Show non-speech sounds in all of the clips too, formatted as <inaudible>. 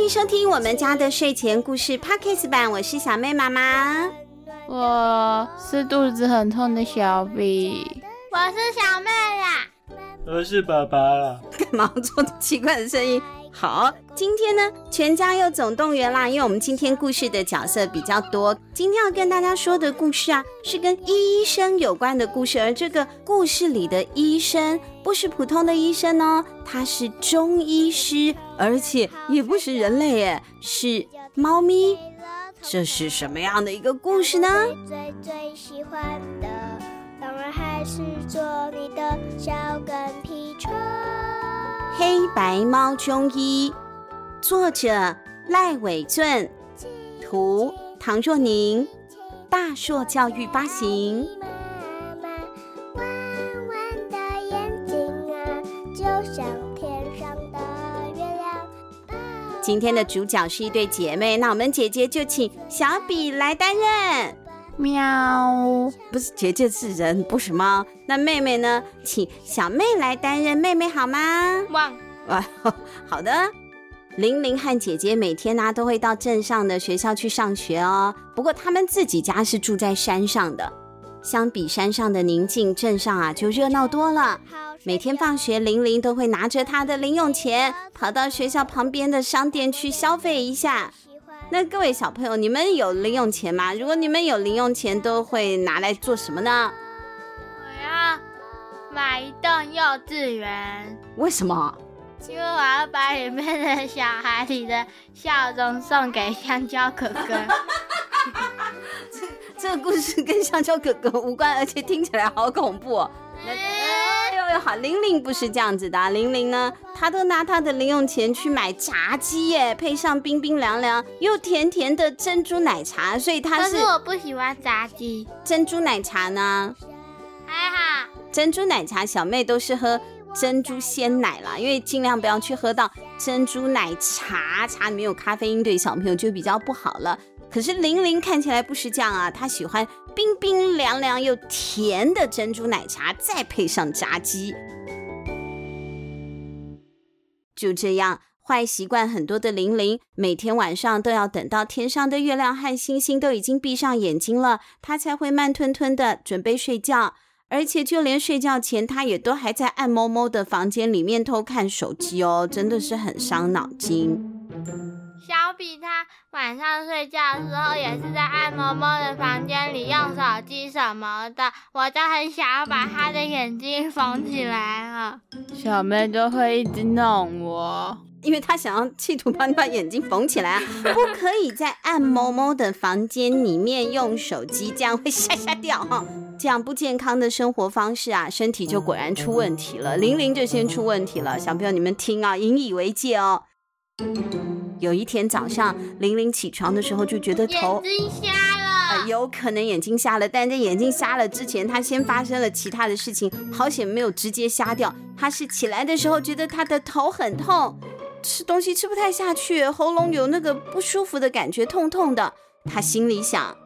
歡迎收聽我們家的睡前故事 Podcast 版，我是小妹媽媽，我是肚子很痛的小 B，我是小妹啦，我是爸爸啦，幹嘛做的奇怪的聲音？好。今天呢，全家又總動員啦！因為我們今天故事的角色比較多。今天要跟大家說的故事啊，是跟醫生有關的故事。而這個故事裡的醫生不是普通的醫生哦，他是中醫師，而且也不是人類誒，是貓咪。這是什麼樣的一個故事呢？最最喜歡的當然還是做你的小跟屁蟲，黑白貓中醫。作者賴韋圳，圖唐若寧，大碩教育發行。媽媽，彎彎的的眼睛啊，就像天上的月亮的、啊。今天的主角是一對姐妹，那我們姐姐就請小比來擔任。喵，不是姐姐是人，不是貓。那妹妹呢？請小妹來擔任妹妹好嗎？汪，哇、啊，好的。伶伶和姐姐每天呢、啊、都會到鎮上的學校去上學哦。不過他們自己家是住在山上的，相比山上的寧靜，鎮上啊就熱鬧多了。每天放學，伶伶都會拿着她的零用錢，跑到學校旁邊的商店去消費一下。那各位小朋友，你們有零用錢嗎？如果你們有零用錢，都會拿來做什麼呢？我要買一棟幼稚園。為什麼？因為我要把裡面的小孩裡的笑容送給香蕉哥哥。 <laughs> <laughs> 這、這個、故事跟香蕉哥哥無關，而且聽起來好恐怖、哦嗯。哎呦呦，好，玲玲不是這樣子的、啊，玲玲呢，她都拿她的零用錢去買炸雞耶，配上冰冰涼涼又甜甜的珍珠奶茶，所以她是。可是我不喜歡炸雞。珍珠奶茶呢？還好。珍珠奶茶小妹都是喝。珍珠鮮奶啦，因為盡量不要去喝到珍珠奶茶，茶裡面有咖啡因，對小朋友就比較不好了。可是伶伶看起來不是這樣啊，她喜歡冰冰涼涼又甜的珍珠奶茶，再配上炸雞。就這樣，壞習慣很多的伶伶，每天晚上都要等到天上的月亮和星星都已經閉上眼睛了，她才會慢吞吞的準備睡覺。而且就連睡覺前，他也都還在暗摸摸的房間裡面偷看手機哦，真的是很傷腦筋。小比他晚上睡覺的時候也是在暗摸摸的房間裡用手機什麼的，我都很想要把他的眼睛縫起來了。小妹都會一直弄我。因為他想要企圖幫你把眼睛縫起來啊，不可以在暗摸摸的房間裡面用手機，這樣會嚇瞎掉哈、哦。這樣不健康的生活方式啊，身體就果然出問題了，玲玲就先出問題了。小朋友你們聽啊，引以為戒哦。有一天早上，玲玲起床的時候就覺得頭真瞎了、呃，有可能眼睛瞎了。但在眼睛瞎了之前，他先發生了其他的事情，好險沒有直接瞎掉。他是起來的時候覺得他的頭很痛。吃東西吃不太下去，喉嚨有那個不舒服的感覺，痛痛的。他心裡想：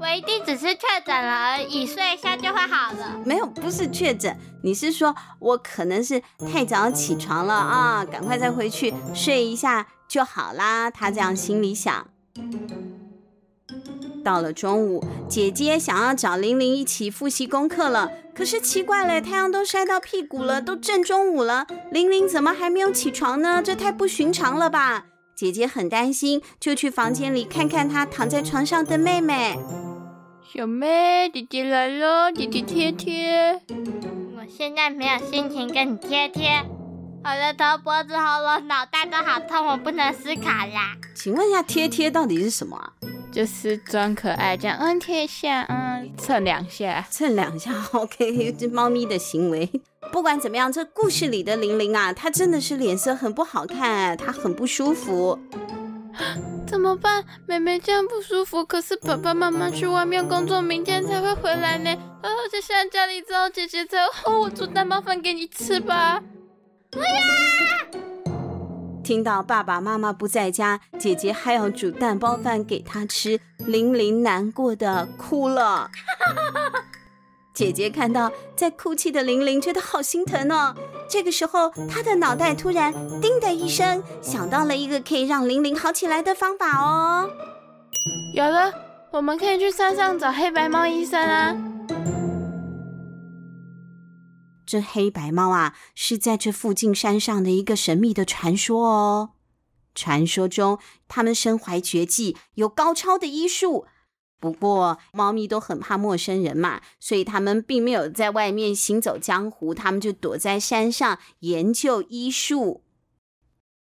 我一定只是確診了而已，睡一下就會好了。沒有，不是確診，你是說我可能是太早起床了啊，趕快再回去睡一下就好啦。他這樣心裡想。到了中午，姐姐想要找伶伶一起複習功課了。可是奇怪了，太陽都曬到屁股了，都正中午了，伶伶怎麼還沒有起床呢？這太不尋常了吧！姐姐很擔心，就去房間裡看看她躺在床上的妹妹。小妹，姐姐來了，姐姐貼貼。我現在沒有心情跟你貼貼，我的頭、脖子、喉嚨、腦袋都好痛，我不能思考啦。請問一下，貼貼到底是什麼啊？就是裝可愛，這樣嗯貼一下，嗯蹭兩下，蹭兩下，OK。這貓咪的行為， <laughs> 不管怎麼樣，這故事裡的伶伶啊，她真的是臉色很不好看，她很不舒服。 <laughs> 怎麼辦？妹妹這樣不舒服，可是爸爸媽媽去外面工作，明天才會回來呢。啊，現在家裡只有姐姐在，我煮蛋包飯給你吃吧。不要！哎！聽到爸爸媽媽不在家，姐姐還要煮蛋包飯給她吃，伶伶難過地哭了。 <laughs> 姐姐看到在哭泣的伶伶，覺得好心疼哦。這個時候，她的腦袋突然“叮”的一聲，想到了一個可以讓伶伶好起來的方法哦。有了，我們可以去山上找黑白貓醫生啊。這黑白貓啊，是在這附近山上的一個神秘的傳說哦。傳說中，它們身懷絕技，有高超的醫術。不過，貓咪都很怕陌生人嘛，所以它們並沒有在外面行走江湖，它們就躲在山上研究醫術。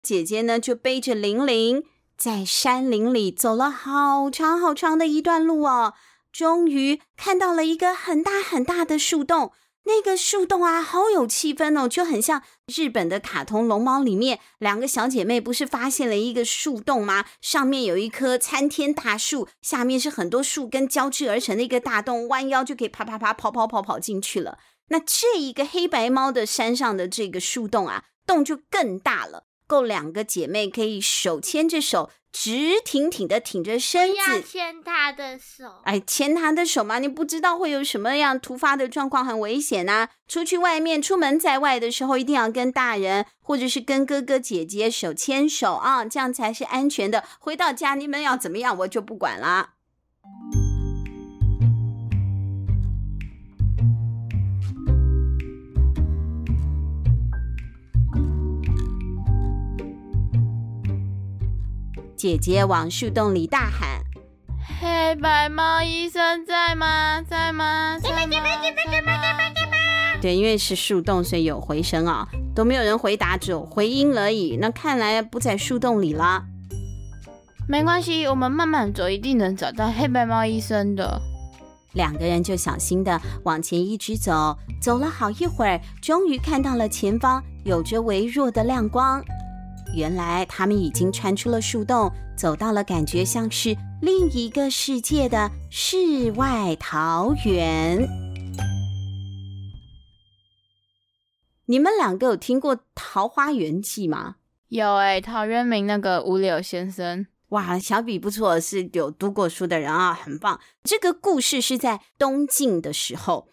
姐姐呢，就背着伶伶，在山林裡走了好長好長的一段路哦，終於看到了一個很大很大的樹洞。那個樹洞啊，好有氣氛哦，就很像日本的卡通龍貓裡面兩個小姐妹不是發現了一個樹洞嗎？上面有一棵參天大樹，下面是很多樹根交織而成的一個大洞，彎腰就可以啪啪啪跑跑跑跑跑進去了。那這一個黑白貓的山上的這個樹洞啊，洞就更大了，夠兩個姐妹可以手牽着手。直挺挺的挺着身子，牽他的手。哎，牽他的手嗎？你不知道會有什麼樣突發的狀況，很危險吶、啊！出去外面，出門在外的時候，一定要跟大人或者是跟哥哥姐姐手牽手啊，這樣才是安全的。回到家，你們要怎麼樣，我就不管了。姐姐往樹洞裡大喊：“黑白貓醫生，在嗎？在嗎？在嗎？對，因為是樹洞，所以有回聲啊，都沒有人回答，只有回音而已。那看來不在樹洞裡了。沒關係，我們慢慢走，一定能找到黑白貓醫生的。”兩個人就小心地往前一直走，走了好一會兒，終於看到了前方有着微弱的亮光。原來他們已經穿出了樹洞，走到了感覺像是另一個世界的世外桃源。你們兩個有聽過《桃花源記》嗎？有哎、欸，陶淵明那個五柳先生。哇，小筆不錯，是有讀過書的人啊，很棒。這個故事是在東晉的時候。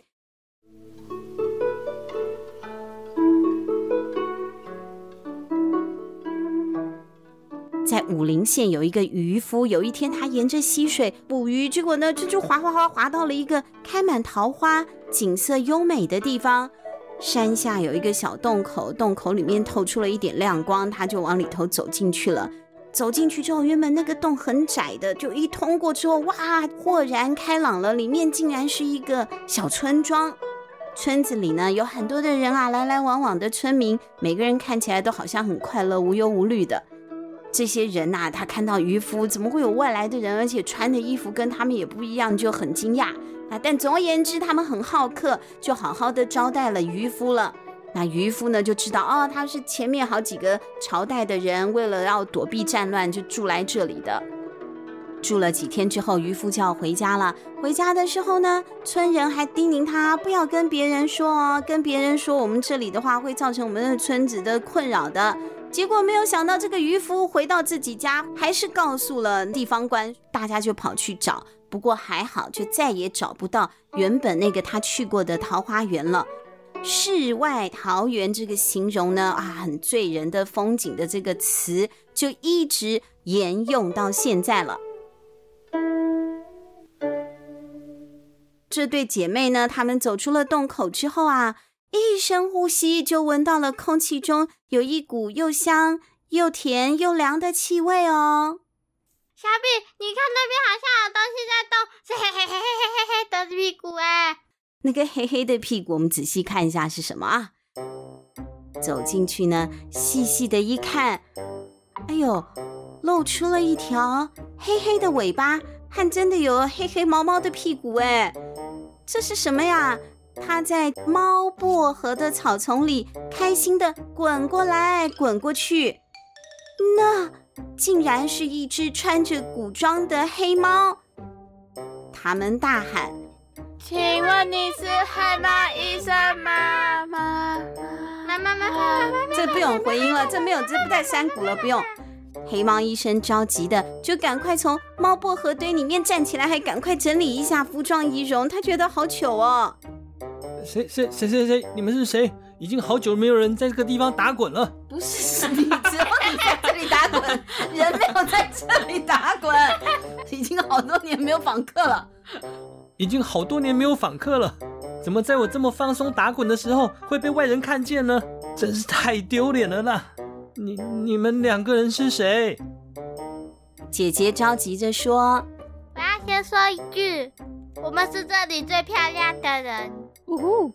在武陵縣有一個漁夫，有一天他沿着溪水捕魚，結果呢，就就滑滑滑滑滑到了一個開滿桃花，景色優美的地方。山下有一個小洞口，洞口裡面透出了一點亮光，他就往裡頭走進去了。走進去之後，原本那個洞很窄的，就一通過之後，哇，豁然開朗了！裡面竟然是一個小村莊，村子裡呢有很多的人啊，來來往往的村民，每個人看起來都好像很快樂，無憂無慮的。這些人吶、啊，他看到漁夫，怎麼會有外來的人，而且穿的衣服跟他們也不一樣，就很驚訝啊。但總而言之，他們很好客，就好好的招待了漁夫了。那漁夫呢，就知道哦，他是前面好幾個朝代的人，為了要躲避戰亂，就住來這裡的。住了幾天之後，漁夫就要回家了。回家的時候呢，村人還叮嚀他不要跟別人說哦，跟別人說我們這裡的話，會造成我們的村子的困擾的。結果沒有想到，這個漁夫回到自己家，還是告訴了地方官，大家就跑去找。不過還好，就再也找不到原本那個他去過的桃花源了。世外桃源這個形容呢，啊，很醉人的風景的這個詞，就一直沿用到現在了。這對姐妹呢，她們走出了洞口之後啊。一深呼吸，就聞到了空氣中有一股又香又甜又涼的氣味哦。小比，你看那邊好像有東西在動，是黑黑黑黑黑黑黑的屁股哎。那個黑黑的屁股，我們仔細看一下是什麼啊？走進去呢，細細的一看，哎呦，露出了一條黑黑的尾巴，還真的有黑黑毛毛的屁股哎。這是什麼呀？它在貓薄荷的草叢裡開心地滾過來滾過去，那竟然是一只穿着古裝的黑貓。他們大喊：“請問你是黑貓醫生嗎？嗎嗎嗎嗎嗎嗎？”這不用回音了，這沒有，這不在山谷了，不用。黑貓醫生着急的就趕快從貓薄荷堆裡面站起來，還趕快整理一下服裝儀容，他覺得好糗哦。誰誰誰誰誰？你們是誰？已經好久沒有人在這個地方打滾了。不是，你只有你在這裡打滾， <laughs> 人沒有在這裡打滾。已經好多年沒有訪客了。已經好多年沒有訪客了。怎麼在我這麼放鬆打滾的時候會被外人看見呢？真是太丟臉了呢。你你們兩個人是誰？姐姐着急着說：“我要先說一句，我們是這裡最漂亮的人。”嗚呼！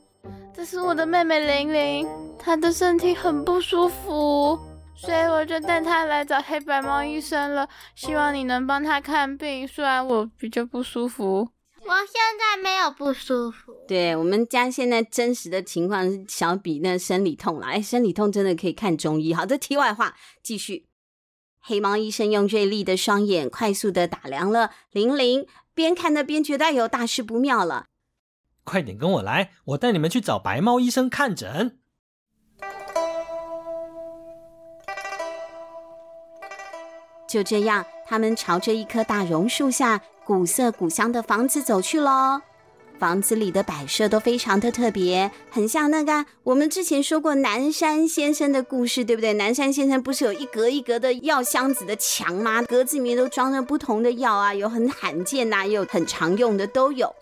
這是我的妹妹玲玲，她的身體很不舒服，所以我就帶她來找黑白貓醫生了。希望你能幫她看病。雖然我比較不舒服，我現在沒有不舒服。對，我們家現在真實的情況是小比那生理痛了。哎，生理痛真的可以看中醫。好的，題外話，繼續。黑貓醫生用銳利的雙眼快速的打量了玲玲，邊看那邊覺得有大事不妙了。快點跟我來，我帶你們去找白貓醫生看診。就這樣，他們朝着一棵大榕樹下古色古香的房子走去嘍。房子裡的擺設都非常的特別，很像那個我們之前說過南山先生的故事，對不對？南山先生不是有一格一格的藥箱子的牆嗎？格子裡面都裝着不同的藥啊，有很罕見吶、啊，也有很常用的都有。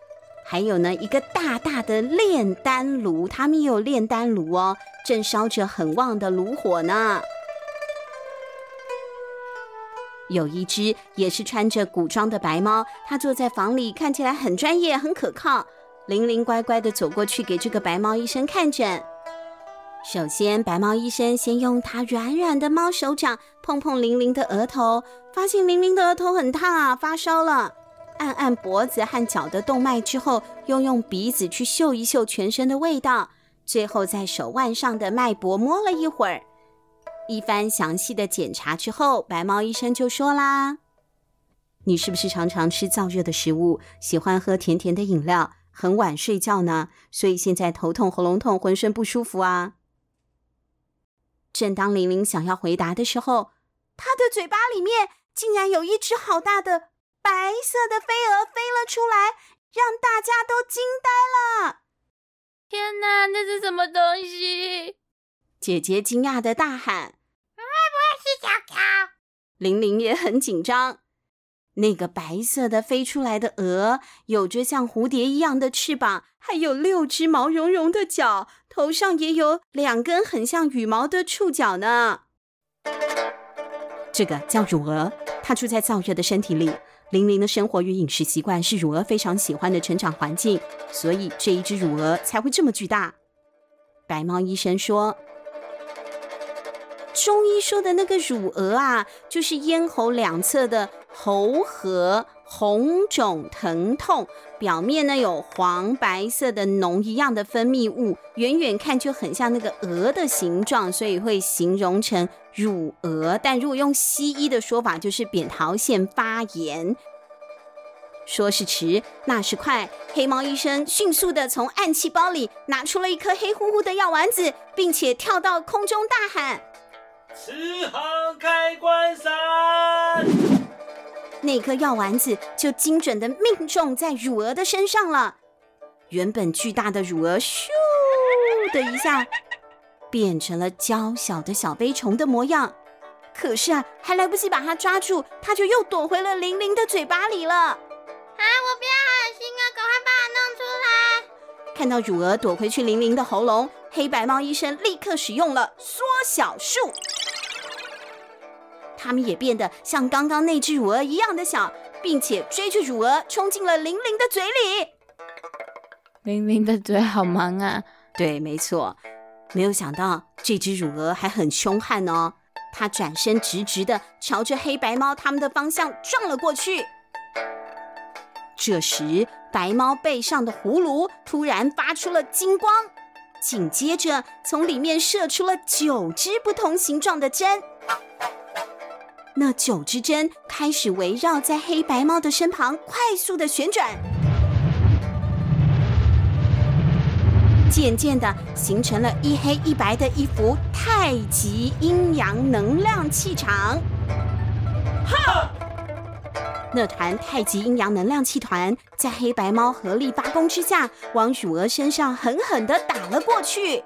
還有呢，一個大大的煉丹爐，他們也有煉丹爐哦，正燒着很旺的爐火呢。有一隻也是穿着古裝的白貓，它坐在房裡，看起來很專業、很可靠。伶伶乖乖的走過去給這個白貓醫生看診。首先，白貓醫生先用它軟軟的貓手掌碰碰伶伶的額頭，發現伶伶的額頭很燙啊，發燒了。按按脖子和腳的動脈之後，又用鼻子去嗅一嗅全身的味道，最後在手腕上的脈搏摸了一會兒。一番詳細的檢查之後，白貓醫生就說啦：“你是不是常常吃燥熱的食物，喜歡喝甜甜的飲料，很晚睡覺呢？所以現在頭痛、喉嚨痛、渾身不舒服啊？”正當伶伶想要回答的時候，她的嘴巴裡面竟然有一隻好大的……白色的飛蛾飛了出來，讓大家都驚呆了。天哪，那是什麼東西？姐姐驚訝的大喊：“嗯、我不會是小高？”玲玲也很緊張。那個白色的飛出來的蛾，有着像蝴蝶一樣的翅膀，還有六隻毛茸茸的腳，頭上也有兩根很像羽毛的觸角呢。嗯這個叫乳蛾，它住在燥熱的身體裡。伶伶的生活與飲食習慣是乳蛾非常喜歡的成長環境，所以這一隻乳蛾才會這麼巨大。白貓醫生說，中醫說的那個乳蛾啊，就是咽喉兩側的喉核紅腫疼痛，表面呢，有黃白色的膿一樣的分泌物，遠遠看就很像那個蛾的形狀，所以會形容成。乳蛾，但如果用西醫的說法，就是扁桃腺發炎。說是遲，那時快，黑貓醫生迅速的從暗器包裡拿出了一顆黑乎乎的藥丸子，並且跳到空中大喊：“吃好開關三！”那顆藥丸子就精準的命中在乳蛾的身上了。原本巨大的乳蛾咻的一下。變成了嬌小的小飛蟲的模樣，可是啊，還來不及把它抓住，它就又躲回了伶伶的嘴巴裡了。啊！我不要狠心啊！趕快把它弄出來！看到乳蛾躲回去伶伶的喉嚨，黑白貓醫生立刻使用了縮小術。它們也變得像剛剛那隻乳蛾一樣的小，並且追着乳蛾衝進了伶伶的嘴裡。伶伶的嘴好忙啊！對，沒錯。沒有想到這隻乳蛾還很兇悍哦，它轉身直直的朝着黑白貓他們的方向撞了過去。這時，白貓背上的葫蘆突然發出了金光，緊接着從裡面射出了九只不同形狀的針。那九只針開始圍繞在黑白貓的身旁快速的旋轉。漸漸的，形成了一黑一白的一幅太極陰陽能量氣場。哈！那團太極陰陽能量氣團在黑白貓合力發功之下，往乳蛾身上狠狠的打了過去，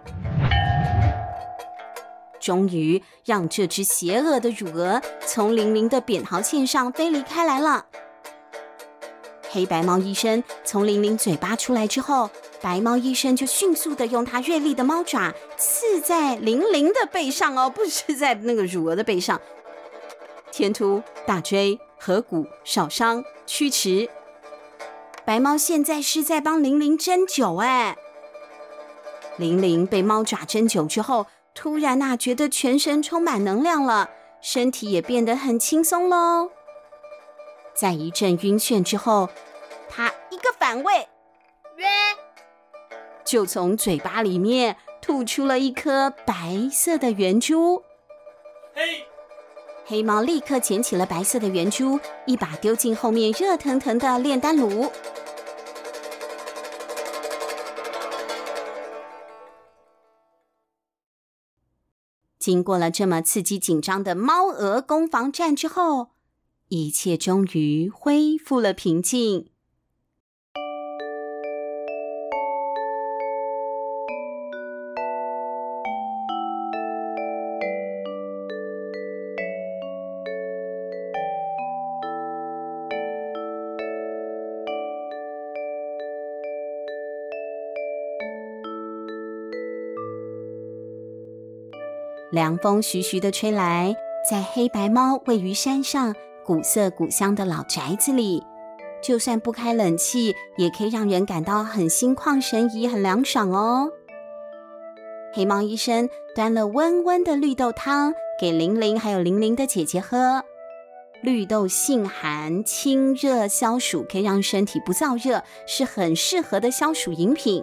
終於讓這隻邪惡的乳蛾從伶伶的扁桃腺上飛離開來了。黑白貓醫生從伶伶嘴巴出來之後。白貓醫生就迅速的用它銳利的貓爪刺在玲玲的背上哦，不是在那個乳蛾的背上。天突、大椎、合谷、少商、曲池。白貓現在是在幫玲玲針灸哎。玲玲被貓爪針灸之後，突然吶、啊，覺得全身充滿能量了，身體也變得很輕鬆嘍。在一陣暈眩之後，它一個反胃，約、嗯。就從嘴巴裡面吐出了一顆白色的圓珠，嘿。黑貓立刻撿起了白色的圓珠，一把丟進後面熱騰騰的煉丹爐。Hey. 經過了這麼刺激緊張的貓蛾攻防戰之後，一切終於恢復了平靜。涼風徐徐的吹來，在黑白貓位於山上古色古香的老宅子裡，就算不開冷氣，也可以讓人感到很心曠神怡、很涼爽哦。黑貓醫生端了溫溫的綠豆湯給玲玲還有玲玲的姐姐喝。綠豆性寒，清熱消暑，可以讓身體不燥熱，是很適合的消暑飲品。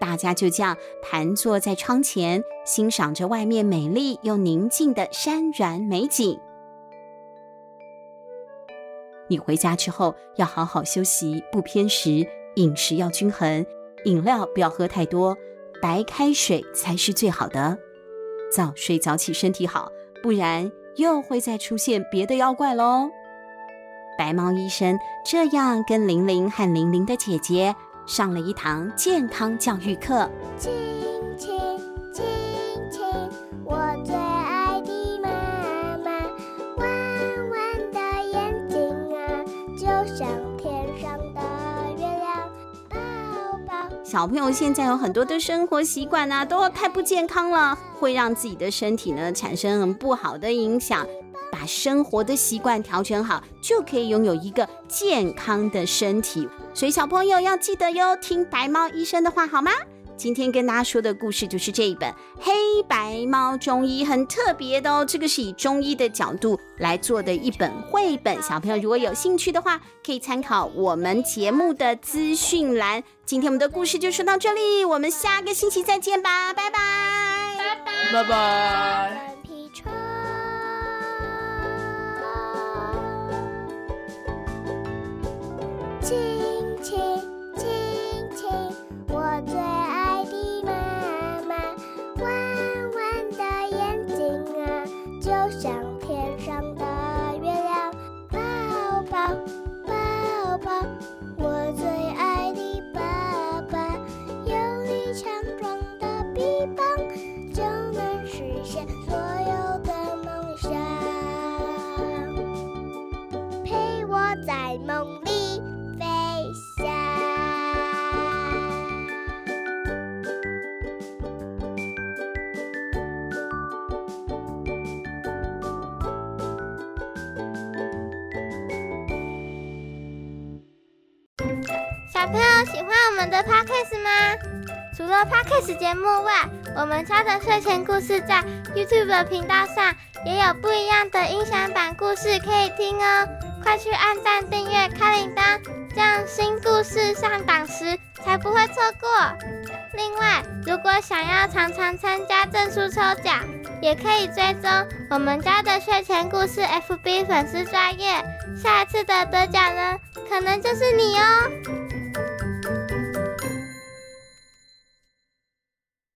大家就這樣盤坐在窗前，欣賞着外面美麗又寧靜的山巒美景。你回家之後要好好休息，不偏食，飲食要均衡，飲料不要喝太多，白開水才是最好的。早睡早起，身體好，不然又會再出現別的妖怪嘍。白貓醫生這樣跟伶伶和伶伶的姐姐。上了一堂健康教育課。親親親親，我最愛的媽媽，彎彎的眼睛啊，就像天上的月亮。寶寶，小朋友現在有很多的生活習慣呢、啊，都太不健康了，會讓自己的身體呢產生很不好的影響。把生活的習慣調整好，就可以擁有一個健康的身體。所以小朋友要記得喲，聽白貓醫生的話，好嗎？今天跟大家說的故事就是這一本《黑白貓中醫》，很特別的哦。這個是以中醫的角度來做的一本繪本。小朋友如果有興趣的話，可以參考我們節目的資訊欄。今天我們的故事就說到這裡，我們下個星期再見吧，拜拜，拜拜，拜拜。親親親親，我最愛的媽媽，彎彎的眼睛啊，就像。小朋友喜歡我們的 podcast 嗎？除了 podcast 節目外，我們家的睡前故事在 YouTube 的頻道上也有不一樣的音享版故事可以聽哦。快去按讚、訂閱、開鈴鐺，這樣新故事上檔時才不會錯過。另外，如果想要常常參加證書抽獎，也可以追蹤我們家的睡前故事 FB 粉絲專頁，下一次的得獎呢，可能就是你哦。